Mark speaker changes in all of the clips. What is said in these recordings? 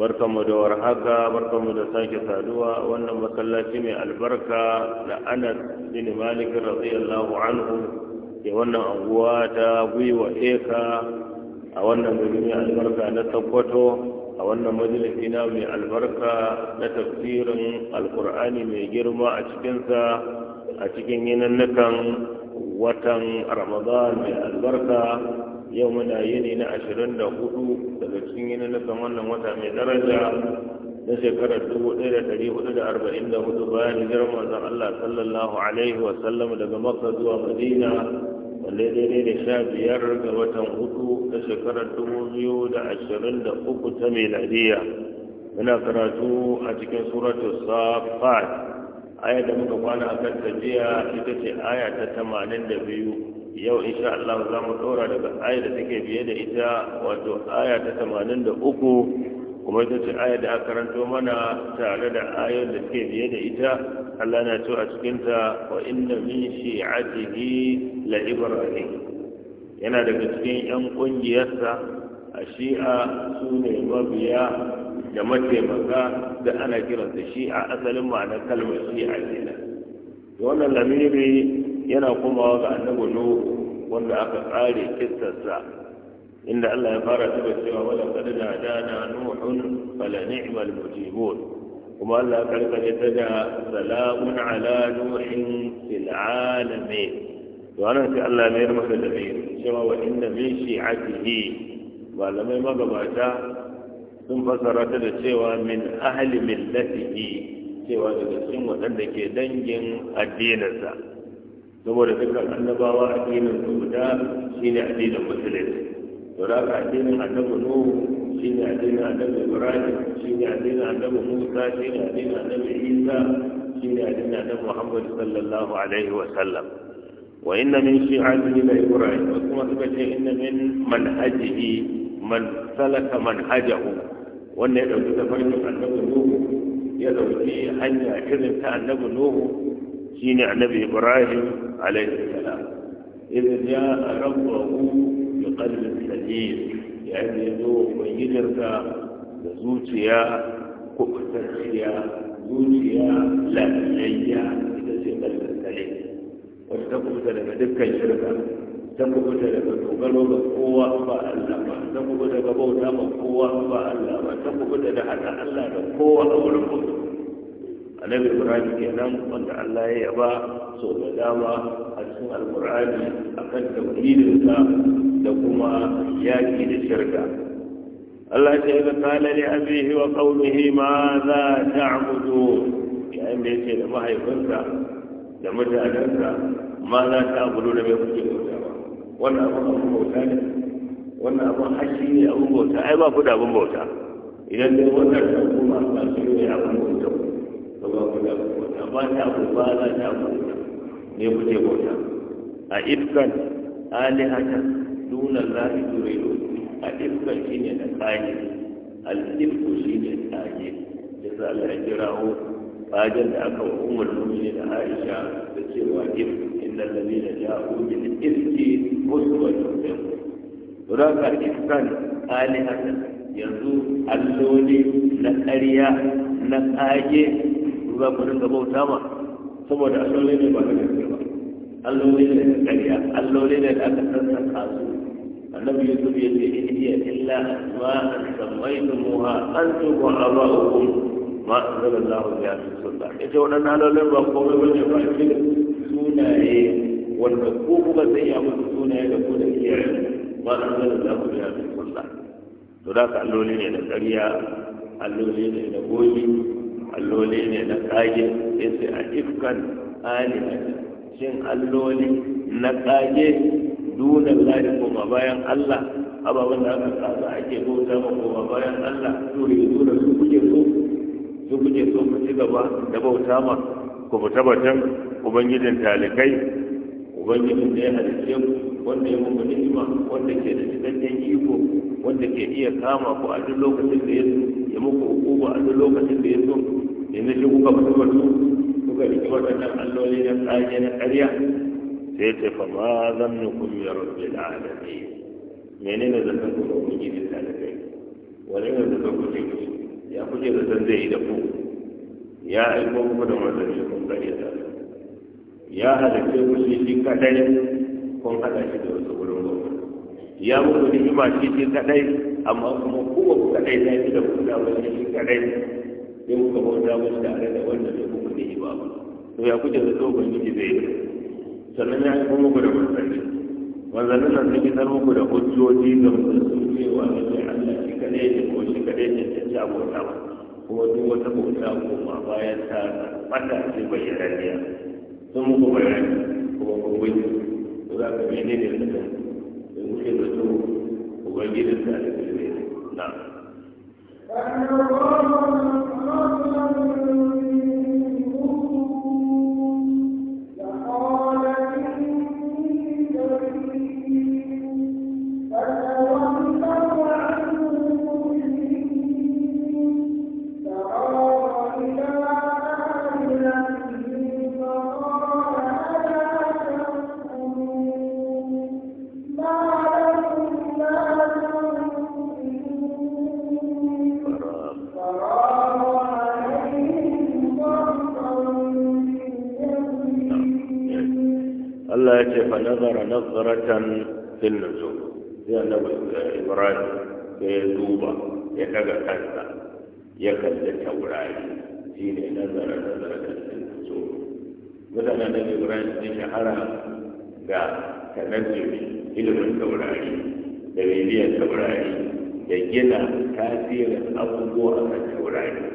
Speaker 1: barkanmu da warhaka barkanmu da sake saduwa wannan masallaci mai albarka da anas bin malik radiyallahu anhu ke wannan anguwa ta gwiwa eka a wannan gari mai albarka na sokoto a wannan majalisi na mai albarka na tafsirin alkur'ani mai girma a cikinsa a cikin yinannukan watan ramadan mai albarka yau muna yini na ashirin da hudu daga cikin yini na wannan wata mai daraja na shekarar dubu ɗaya da ɗari hudu da arba'in da hudu bayan hijirar manzon Allah sallallahu alaihi wa sallam daga Makka zuwa Madina wanda ya daidai da sha biyar ga watan hudu na shekarar dubu biyu da ashirin da uku ta miladiya? muna karatu a cikin suratu safat aya da muka kwana a kan tajiya ita ce aya ta tamanin da biyu yau insha Allah za mu dora daga aya da take biye da ita wato aya ta 83 kuma ita ce aya da aka karanto mana tare da ayoyin da take biye da ita Allah na a cikin ta wa inna min shi'atihi la ibrahim yana daga cikin yan kungiyarsa a shi'a su ne mabiya da mataimaka da ana kiransa shi'a asalin ma'anar kalmar shi'a kenan wannan lamiri yana komawa ga annabi nuhu wanda aka tsare kissarsa inda Allah ya fara ta cewa wala qad dana nuhun fala ni'mal mujibun kuma Allah ya karkare ta da salamun ala nuhin fil alamin to anan sai Allah ya mayar masa da mai cewa wa inna min shi'atihi malamai magabata sun fasara ta da cewa min ahli millatihi cewa daga cikin waɗanda ke dangin addininsa saboda duka annabawa a addinin su guda shine addinin musulunci to da haka addinin Annabu nuhu shi shine addinin annabi ibrahim shi shine addinin Annabu musa shi shine addinin Annabu isa shi shine addinin annabi muhammad sallallahu alaihi wa sallam wa inna min shi'atihi la ibrahim kuma suka ce inna min manhajihi man salaka manhajahu Wannan ya dauki tafarkin Annabu nuhu ya dauki hanya irin ta Annabu nuhu shine annabi ibrahim alaihi salam idan ya rabbahu bi qalbin salim yayin da ya zo ubangijinsa da zuciya kubutacciya zuciya lafiyayya ita ce qalbin salim wata ta kubuta daga dukkan shirka ta kubuta daga dogaro ga kowa ba Allah ba ta bauta ba kowa ba Allah ta da hada Allah da kowa a wurin annabi ibrahim kenan wanda allah ya yaba so da dama a cikin alkur'ani akan tauhidinsa da kuma yaki da shirka allah ya ce ga kala li abihi wa qaumihi ma za ta'budun yayin da ce da mahaifinsa da mutanensa ma za ta'budu da mai kuke bautawa wannan abun bauta ne wannan abun hashi ne abun bauta ai ba ku da abun bauta idan dai wannan kuma ba su ne abun bauta Gaba ba ku da bauta ba ta ku ba za ta bauta ne ku ce bauta a ifkan alihata dunan lahi turido a ifkan shine da tsage al-ifku shine tsage yasa Allah ya kirawo fajar da aka wa umar mummuni da aisha da cewa if inda lalli da ja'u bil ifki uswatun min raka ifkan alihatan yanzu alloli na ƙarya na ƙage ba ku dinga bauta ma saboda alloli ne ba da gaske ba alloli ne da ƙarya alloli ne da aka san sassaƙa su annabi yusuf ya ce in hiya illa asma'an sammaytumuha antum wa aba'ukum ma anzalallahu biha min sultan ita waɗannan allolin ba komai ba ne ba shi sunaye wanda ko kuma sai ya musu sunaye da ku da kiyaye ma anzalallahu biha min sultan to da ka alloli ne da ƙarya alloli ne da goyi alloli ne na kage ya ce a ifkan alihata shin alloli na kage duna lari ma bayan allah ababun da aka kasa ake bauta ma ma bayan allah to ne dole su kuke so su kuke so ku ci gaba da bauta ma ku fita batun ubangijin talikai ubangijin da ya halice ku wanda ya muku ni'ima wanda ke da cikakken iko wanda ke iya kama ku a duk lokacin da ya ya muku hukuma a duk lokacin da ya zo ya nufi kuka mutu mutu kuka riki waɗannan alloli na tsage na ƙarya sai ta fa ma zan yi ya rabbi da alaƙi menene zaton ku da ubangiji da alaƙi wani ne zaton ku ce ya kuke zan zai yi da ku ya aiko kuma da manzanni kun ƙarya da ya halatta ku shi shi kaɗai kun haɗa shi da wasu wurin ya muku ni'ima shi shi kaɗai amma kuma kowa ku kaɗai na yi da kuka wani shi kaɗai sai kuka bauta musu tare da wannan da kuka ne ba to ya kuke zato ubangiji zai yi sannan ya haifar muku da manzanni manzannin nan sun fitar muku da hujjoji da mutum cewa ne sai Allah shi kaɗai ne ko shi kaɗai ne ta ci abota ba kuma duk wata bauta koma bayan ta ɓata ce bayyananiya sun muku bayani kuma kun wuce to za ka mene ne da kan da kuke ubangijin da ne
Speaker 2: na
Speaker 1: nazaratan fil nujum sai annabi ibrahim sai ya duba ya daga kansa ya kalli taurari shine nazara nazaratan fil nujum mutanen da ibrahim sun shahara ga tanajjumi ilimin taurari da bibiyar taurari da gina tasirin abubuwa a taurari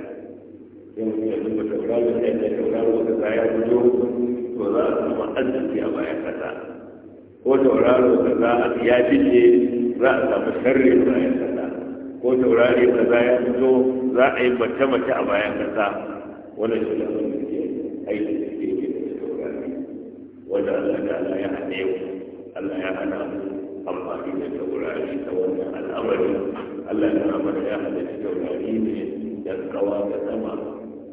Speaker 1: yin yanzu tauraro da tauraro da za ya fito to za a kuma arziki a bayan kasa ko tauraro kaza ya fice za a samu sharri bayan kaza ko taurari kaza ya fito za a yi mace-mace a bayan kaza wannan shi da wani ke aiki da ke yi da taurari wanda Allah ta Allah ya hane mu Allah ya hana mu amfani da taurari ta wannan al'amari Allah ya hana mana ya da taurari ne da kawa da sama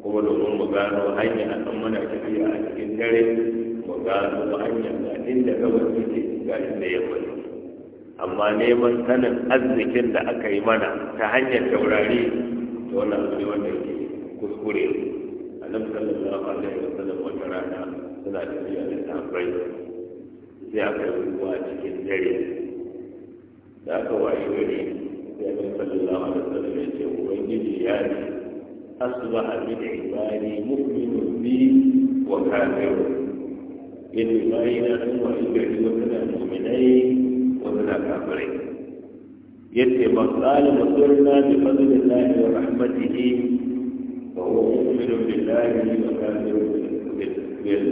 Speaker 1: kuma domin mu gano hanya a kan mana tafiya a cikin dare mu gano hanya ga inda gabas yake ga inda yamma amma neman sanin arzikin da aka yi mana ta hanyar taurari da wani abu ne wanda yake kuskure da sallallahu alaihi wa sallam wata rana suna tafiya da tafai sai aka yi ruwa cikin dare da aka washe gari sai annabi da alaihi da sallam ya ce ubangiji ya ne asbaha da ibadi mu'minun bi wa kafirun yadda bayi na ɗan wani gari wata muminai wata kafirai yadda ba tsali musulna bi fadlin lahi wa rahmatihi fa huwa mu'minun billahi wa kafirun bil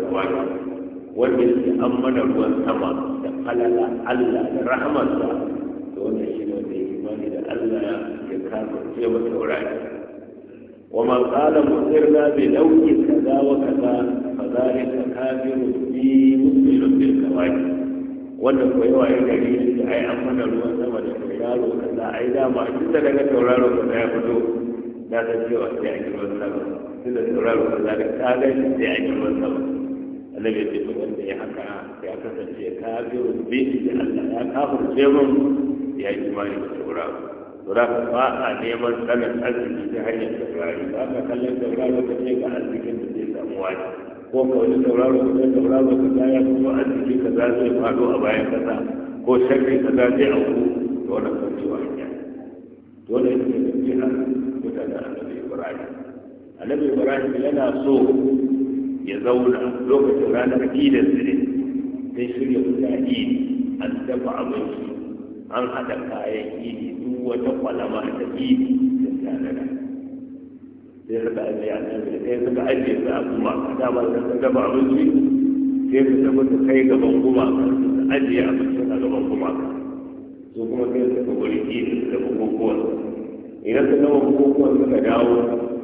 Speaker 1: kawai wanda yake an mana ruwan sama da falala Allah da rahmarsa to wannan shi ne wanda imani da Allah ya kafa ce wa taurari ومن قال مصرنا بلوك كذا وكذا فذلك كافر في مسلم بالكواكب wannan ko yawa ya gari ya ai an mana ruwan sama da tauraro kaza ai dama duk da daga tauraro kaza ya fito na san cewa sai an yi ruwan sama tun da tauraro kaza da ka gani sai an yi ruwan sama annabi ce to wanda ya haka ya kasance kafirun bi da Allah ya kafirce mun ya yi imani da tauraro ran ba a neman tsanin arziki ta hanyar saurari ba ka kallon sauraro ka ce ga arzikin da zai samu wani ko ka wani sauraro ka ce sauraro ka kaya kuma arziki ka za su yi faɗo a bayan kasa ko shakki ka za zai auku da wannan kaucewa hanya dole ne ka ce a mutane annabi ibrahim annabi ibrahim yana so ya zauna lokacin ranar idan su ne sai shirya mutane an dafa abinci an haɗa kayan idi wata kwalama ta ibi da ba sai suka ajiye a nan sai suka ajiye su a gumaka damar da suka gaba abinci sai su tafi su kai gaban gumaka su ajiye a abincin a gaban gumaka su kuma sai su ka wuri ibi da idan su gama bukukuwa suka dawo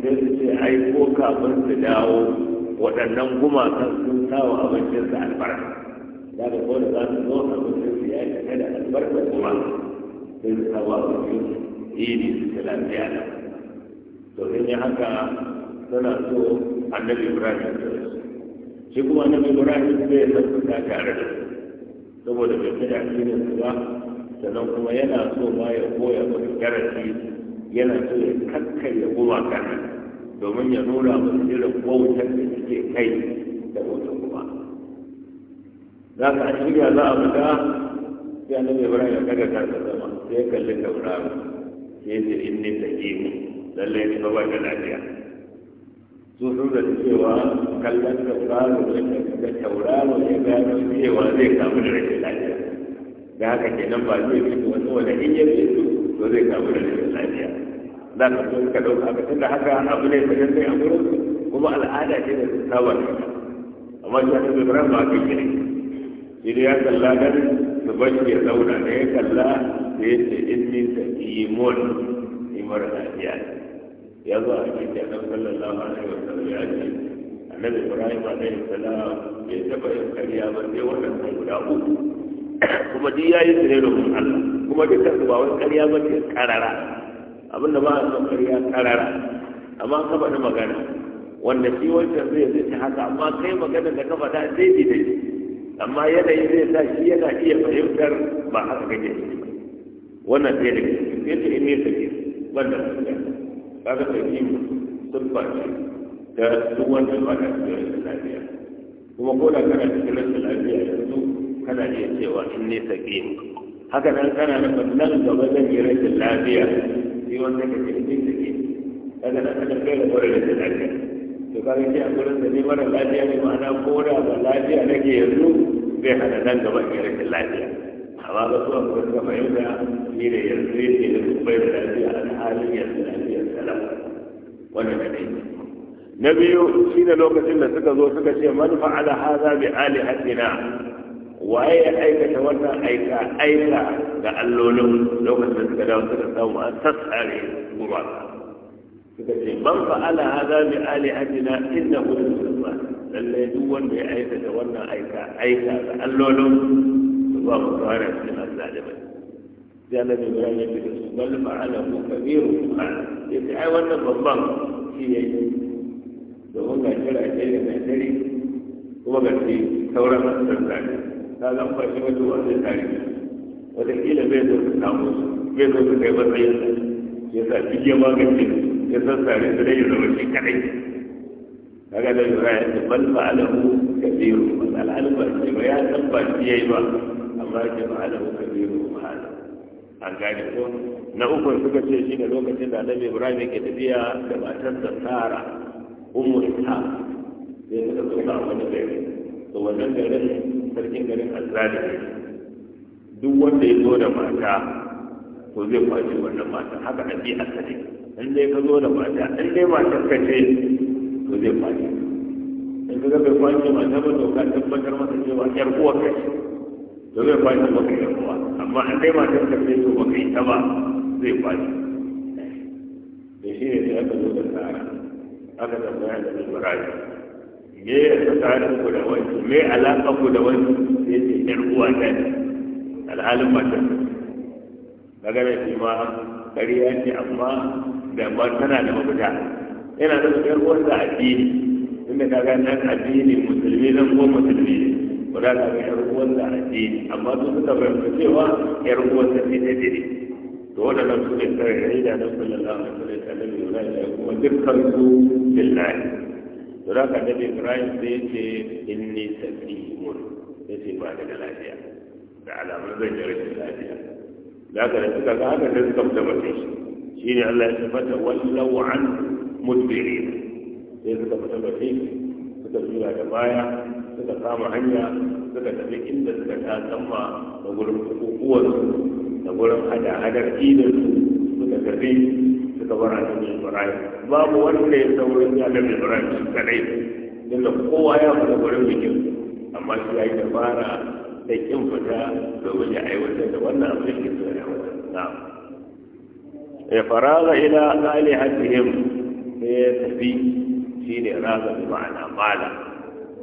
Speaker 1: sai su ce ai ko kafin su dawo waɗannan gumaka sun sawa abincinsa albarka da ga kowane za su zo a su ya yi da albarka gumaka sai ta ba su yi iri su ta lafiya da to sun haka suna so annabi ibrahim ya shi kuma annabi ibrahim zai tabbata tare da su saboda bai fi ne su ba sannan kuma yana so ma ya koya musu darasi yana so ya kakkarya gumaka domin ya nuna musu irin bautar da suke kai da wata kuma za ka shirya za a fita sai annabi ibrahim ya daga kansa zama sai kalli tauraro sai ce inni mu lallai ni ba da lafiya su da cewa kallon tauraro ne da tauraro ya gano cewa zai kamu da rashin lafiya da haka kenan ba zai fito wani wanda in ya fito to zai kamu da rashin lafiya za ka so ka ɗauka haka tunda haka abu ne sanar sai a gurin kuma al'ada ce da su saba amma shi annabi ibrahim ba kai ne shi ne ya kalla ganin su ya zauna da ya kalla da ya ce in min ta imon imar lafiya ya zo a cikin da nan sallallahu alaihi wa sallam ya ce annabi ibrahim alaihi salam bai taba yin karya ba sai waɗannan guda uku kuma duk yayi su da mun Allah kuma duk su ba wani karya ba ce karara da ba a san karya karara amma ka faɗi magana wanda shi wancan zai zai ta haka amma kai magana da ka faɗa daidai daidai amma yanayi zai sa shi yana iya fahimtar ba haka kake ciki ba wannan sai da cikin sai ta ne take wannan suka ga sai yi sun ba ce ta duk wanda ba ta cikin lafiya kuma ko da kana cikin rashin lafiya yanzu kana iya cewa in ne sake haka nan kana da nan gaba zan yi rashin lafiya shi wanda ka ne in sake kaga na kana kai da wurin rashin lafiya to kaga ce a gurin da ne mara lafiya ne ma'ana ko da ba lafiya nake yanzu zai hana nan gaba ga rashin lafiya amma ga suwan kuma suka fahimta ni da yanzu yake da su bai da lafiya a halin yanzu lafiyar salam wannan da ne na biyu shi ne lokacin da suka zo suka ce man fa'ala hadha bi alihatina waye ya aikata wannan aika aika ga allolin lokacin da suka dawo suka samu an sassare guraka suka ce man fa'ala hadha bi alihatina innahu lisufa lalle duk wanda ya da wannan aika aika ga allolin to ba ku fara cikin azzalima sai annabi Ibrahim ya ce da su bal fa'ala hu kabiru ya ce ai wannan babban shi yayi domin ga kira ɗaya da dare kuma ga ce sauran azzalima ta zan fashe wata wanda tare kila bai zo su samu bai zo su kai matsayin ya sa duk ya magance ya sassare su dai zama shi kadai daga da yura ya ce bal fa'alahu kabiru bal al'alba ce ba ya san ba shi yi ba amma ya fa'alahu kabiru ma'ana an gane ko na uku suka ce shi ne lokacin da annabi ibrahim yake tafiya da matarsa sara ummu ta sai suka ba wani gari to wannan garin sarkin garin azzali duk wanda ya zo da mata to zai kwace wannan mata haka ɗabi'a ta ne in dai ka zo da mata in dai matar ka ce to zai kwace in ka ga bai kwace mata ba to ka tabbatar masa cewa yar uwa ka ce to zai kwace maka yar uwa amma in dai matar ka ce to baka yi ta ba zai kwace da shi ne sai aka zo da tsara aka tambaya da ibrahim me ya tsakanin ku da wani me alaƙa ku da wani sai ce yar uwa ta ne alhalin matar ka ga da shi ma ƙarya ce amma damuwa tana da mafita yana da su yar uwarsa addini inda ka ga nan addini musulmi nan ko musulmi ne ko da ka ga yar uwarsa addini amma su suka fahimta cewa yar uwarsa ce ta ne to waɗannan su ne tsararrai da nan sallallahu alaihi wa sallam yana da kuma dukkan su billahi to da ka daɗe ibrahim ce ya ce inni sakimun ya ce ba da lafiya da alamun zan yi lafiya da ka da suka ga haka da suka fita mace shi shi ne Allah ya tabbata wallau an mudbirin sai suka fita bakin suka jura da baya suka kama hanya suka tafi inda suka ta tsamma da gurin hukukuwarsu da gurin hada-hadar idansu suka tafi suka bar annabi ibrahim babu wanda ya saurin annabi ibrahim shi kadai inda kowa ya fita gurin bikin amma ya yi dabara da kin domin ya da فراغ إلى آلهتهم فيتفي إيه، شين راغ بمعنى مالا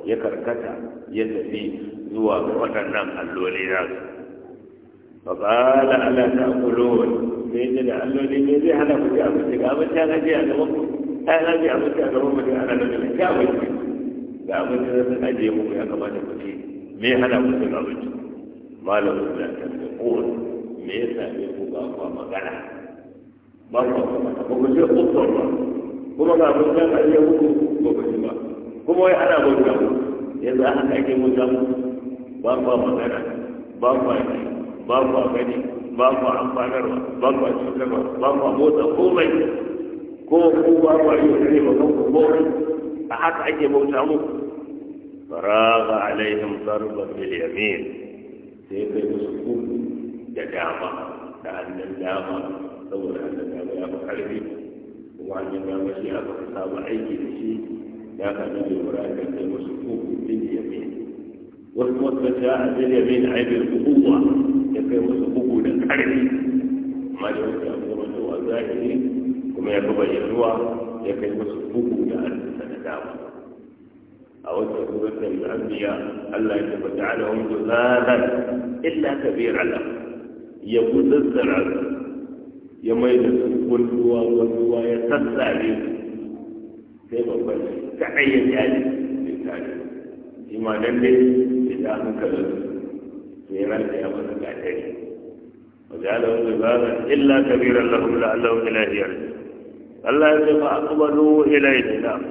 Speaker 1: يكركتا يتفي زوا وطنا اللولي ناس فقال ألا تأكلون فإن اللولي نزي أنا كنت أمسك أمسك أنا جي أنا وقت أنا جي أمسك أنا وقت أنا نزل كامل ga abinci da sun ajiye muku ya kamata ku ce me hana ku cin abinci malamin da ta fi me yasa marwa ba ku ce kufar ba kuma ga mun ga ka iya muku ba ku ba kuma wai ana bauta yanzu a haka ake bauta ba ku magana ba ku ji ba ku gani ba ku amfanarwa ba ku cutarwa ba ku motsa komai ko ku ba ku yi kare ba ku komai a haka ake bauta muku فراغ عليهم ضربا باليمين سيكون سكوت da dama da hannun dama saboda an da ya ba karfi kuma an da ba shi aka saba aiki da shi ya ka da bai wura kan kai musu kuku da ya bi wasu wasu ta a jirya bin aibin kukuwa ya kai musu kuku da karfi amma da wasu abubuwan da wa zahiri kuma ya fi bayyanuwa ya kai musu kuku da arzika da dama a wata an biya Allah ya tabbata alahum dhunaban illa kabira lahum ya gudazzara ya mai da su gunduwa gunduwa ya sassare sai babban kaɗai ya jari sai tare shi ma nan dai ya ta hankalin sai ranta ya masa gatari وجعلهم لبابا إلا Allah ya لعلهم ba يرجعون الله يقول فأقبلوا إليه نعم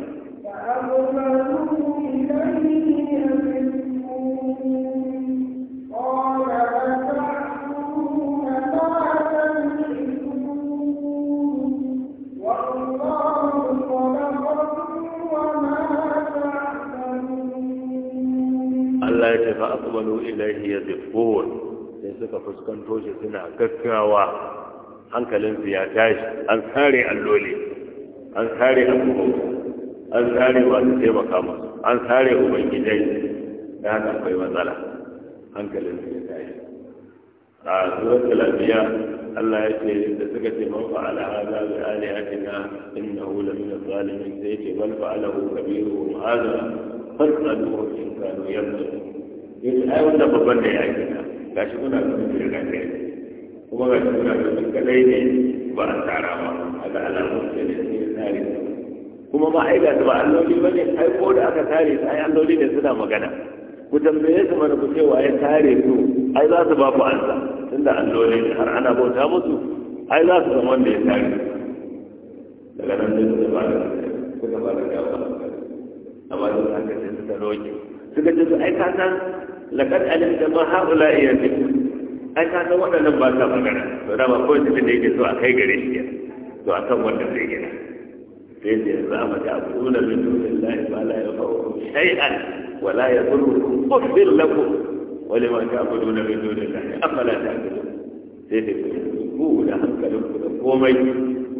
Speaker 1: suka fuskanto shi suna gaggawa hankalinsu ya tashi an sare alloli an sare abubuwa an sare masu taimaka masu an sare ubangijai da haka akwai matsala hankalinsu ya tashi a zuwa talabiya Allah ya ce da suka ce man fa'ala hadha bi alihatina innahu la min zalimin sai ce bal fa'alahu kabiruhum hadha fas'aluhu in kanu yamlikun yace ai wanda babban da ya yi ga shi kuna ganin da gaske kuma ga shi kuna ganin kadai ne ba a tsara ba a ga alamun da ne ne tsari kuma ba ai ga su ba alloli ba ne ai ko da aka tare su ai alloli ne suna magana ku tambaye su mana ku cewa ya tare su ai za su ba ku ansa tunda alloli ne har ana bauta musu ai za su zama wanda ya tare daga nan sai suka ba da suka ba da gawa amma sun haka sai suka roƙe suka ce su ai ka san lakar alim da ma haɗula iya ne ai ka san waɗannan ba sa magana to da ba kawai cikin da yake so a kai gare shi to a kan wanda zai gina sai ce za mu ta abuna min dunillahi ma la yanfa'ukum shay'an wa la yadurrukum uffir lakum wa lima ta'buduna min dunillahi afala ta'qilun sai ce ku da hankalinku da komai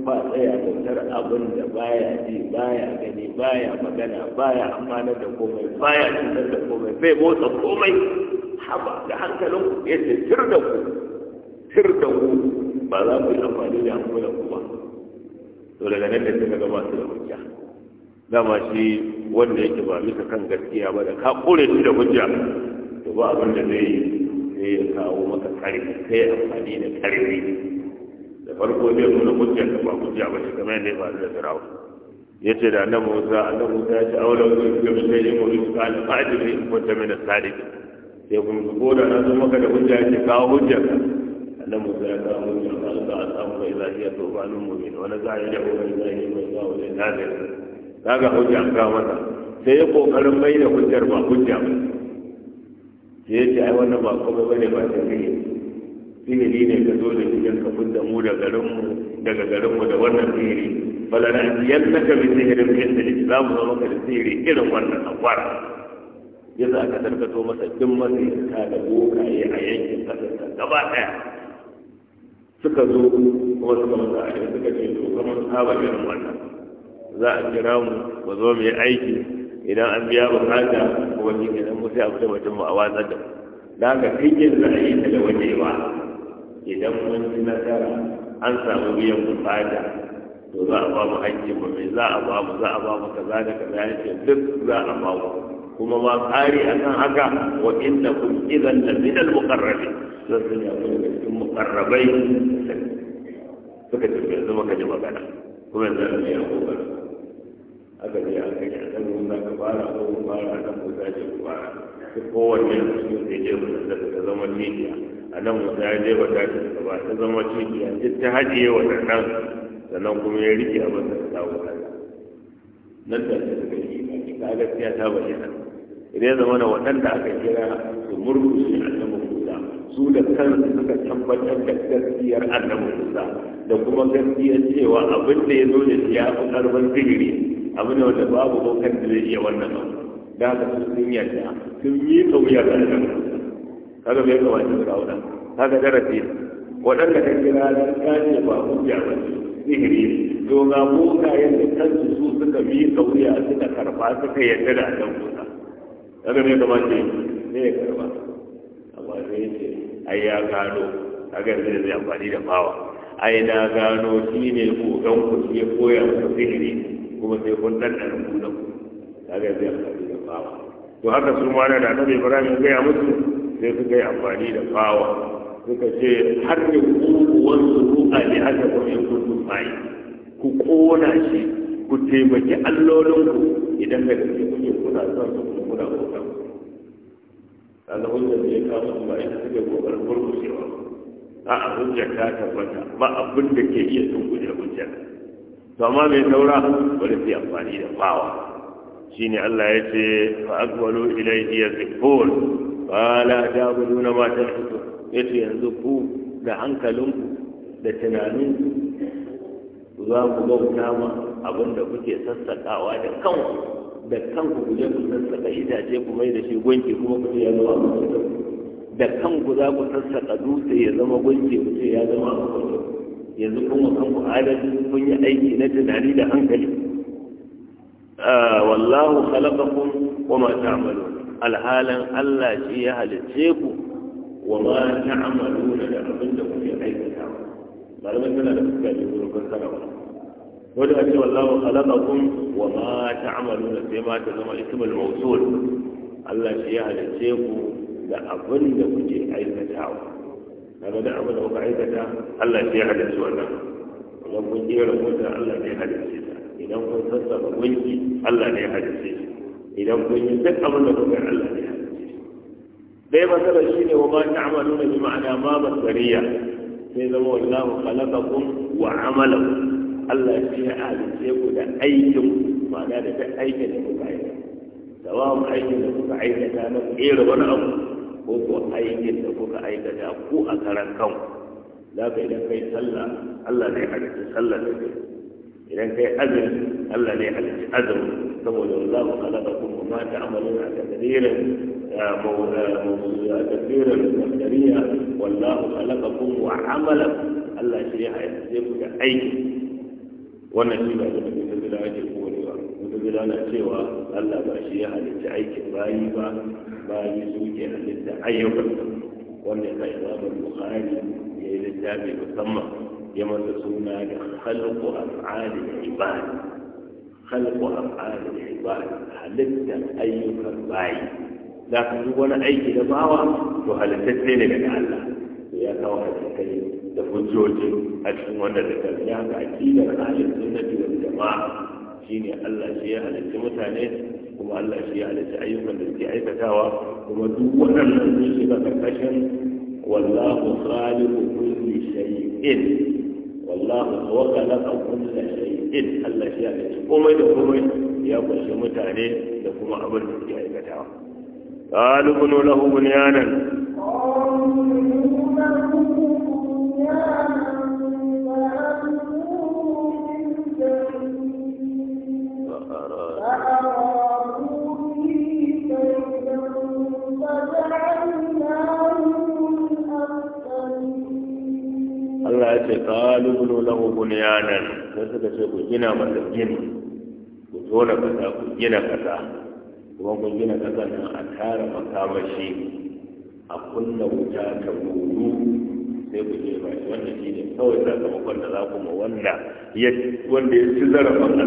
Speaker 1: ba tsaya bautar abin da baya ji baya gani baya magana baya amana da komai baya cutar da komai bai motsa komai haba da hankalin ya ce tir da ku tir da ku ba za ku yi amfani da da ku ba to daga nan da suka gaba su da hujja dama shi wanda yake ba bisa kan gaskiya ba da ka kore shi da hujja to ba abin da zai yi sai ya kawo maka karfi sai amfani da karfi da farko zai mun hujjar da ba hujja ba shi kamar ne ba zai tarawo yace da annabi musa annabi musa ya ce auren zai ga mutum ya mu rizqa al fajir in kunta min as-sadiq sai kuma su goda na zo maka da hujja ya ce kawo hujjar annabi musa ya kawo hujja Allah za samu ba ila iya tsofanin mu'min wani za a yi da hujjar ne a yi mai zuwa wajen nazir kaga hujja an kawo masa sai ya kokarin bai da hujjar ba hujja ba sai ya ce ai wannan ba komai bane ba ta kai sihiri ne ka zo da gidan ka fudda mu da garinmu daga garinmu da wannan sihiri balana yadda ka bi sihirin kintilik za mu zama ka da sihiri irin wannan akwar ya za ka tarkato masa duk masihirta da bokaye a yankin kasarsa gaba ɗaya suka zo kuma suka masa a yanzu suka ce to kamar saba irin wannan za a kira mu mu zo mu yi aiki idan an biya bukata kuma wani gidan mu sai a fita mutum mu a watsar da mu da haka kai yin za a yi ta da wajewa idan mun ci nasara an samu biyan bukata to za a ba mu hakkin mu mai za a ba mu za a ba mu kaza da kaza ya ce duk za a ba mu kuma ma ƙari a kan haka wa inda kun idan da minal muƙarrabi zan sun ya kuma daga cikin muƙarrabai suka ce yanzu maka ji magana kuma yanzu an biya kokarin aka je an kai a kan za ka fara ko fara a kan ko za ka fara kowanne da su ne je mu da zama media a nan wata ya je wata ta ba ta zama a duk ta hajiye waɗannan sannan kuma ya riƙe a masa ta dawo kansa nan da ta suka yi ka gaskiya ta bayyana idan ya zama da waɗanda aka kira su a annabi Musa su da kansu suka tabbatar da gaskiyar annabi Musa da kuma gaskiyar cewa abin da ya zo da shi ya fi ƙarfin sihiri abin da wanda babu kan da zai iya wannan ba. da haka sun yarda sun yi kauya ga annabi kaga bai kamata su da nan kaga darasi waɗanda ka kira da kace ba hujja ba sihiri to ga ga yanda kansu su suka bi kauya suka karba suka yadda da dan kusa kaga bai kamata ne ya karba amma sai ce ai ya gano kaga zai zai amfani da bawa ai na gano shi ne dan ku shi ya koya ku sihiri kuma sai kun dan ku da ku kaga zai amfani da bawa to haka su ma da annabi Ibrahim ya gaya musu sai suka yi amfani da fawa suka ce har da kuwan ru'a ne aka kuma in kuntum mai ku kona shi ku taimaki ku idan ga da kuke kuna son su kuma kuna kota kaga hujjar da ya kama su ba ita suke kokarin murkushewa a a hujjar ta tabbata ba abin da ke iya tunkuje hujjar to amma mai saura bari su yi amfani da fawa shine Allah ya ce fa aqbalu ilayhi yazifun qala ta'buduna ma tashkurun yace yanzu ku da hankalinku da tunaninku za ku bauta ma abin da kuke sassaƙawa da kanku da kanku ku je ku sassaƙa itace ku mai da shi gunki kuma ku ce ya zama abu da kanku za ku sassaƙa dutse ya zama gunki ku ce ya zama abu yanzu kuma kanku adadin kun yi aiki na tunani da hankali ah, wallahu khalaqakum wa ma ta'malun alhalan Allah shi ya halicce ku wa ma ta'malu da abin da kuke aikata malaman tana da fuska ne gurin kun saka ba wanda ake wallahu khalaqakum wa ma ta'malu sai ma ta zama ismul mawsul Allah shi ya halicce ku da abin da kuke aikatawa daga da abin da kuka aikata Allah shi ya halicce wannan idan kun kera mota Allah ne ya halicce ta idan kun sassaba gunki Allah ne ya halicce ta. idan kun yi duk abin da kuka Allah ne dai masala shi ne wa ta amalu na bi ma'ana ma basariya sai zama wallahu khalaqakum wa amalakum Allah shi ya halice ku da aikin ma'ana da duk aikin da kuka yi sawa'un aikin da kuka aikata na kera wani abu ko ko aikin da kuka aikata ku a karan kanku za ka idan kai sallah Allah zai halitta sallah da kai idan kai azumi Allah ne halicci azumi saboda za mu halaka kuma ma ta amalu a takdirin takdirin takdiriya wallahu halaka kuma wa amala Allah shi ya halicce ku da aiki wannan shi ba da mutum da ake korewa mutum da na cewa Allah ba shi ya halicci aikin bayi ba bayi su ke halitta ayyukan wannan kai ba Bukhari ya yi littafi musamman ya masa suna da khalqu af'ali ibad khalqu af'ali ibad halittar ayyukan bayi da ka yi wani aiki da bawa to halittacce ne daga Allah to ya kawo hadisai da hujjoji a cikin wannan littafi ya ga aqidar ahlus sunnati wal jama'a shine Allah shi ya halitta mutane kuma Allah shi ya halitta ayyukan da suke aikatawa kuma duk wannan waɗannan sun shiga karkashin wallahu khaliqu kulli shay'in Allah wa khalaqa kulla shay'in Allah shi ya ce komai da komai ya kunshi mutane da kuma abin da suke aikatawa qalu bunu lahu bunyanan
Speaker 2: qalu lahu bunyanan
Speaker 1: ce kalu bunu lahu bunyanan sai suka ce ku gina masa gini ku tona kasa ku gina kasa kuma ku gina kasa nan a tara makamashi a kunna wuta ta wuru
Speaker 2: sai ku je ba shi wanda shi ne kawai sakamakon da za ku ma wanda ya ci zarafin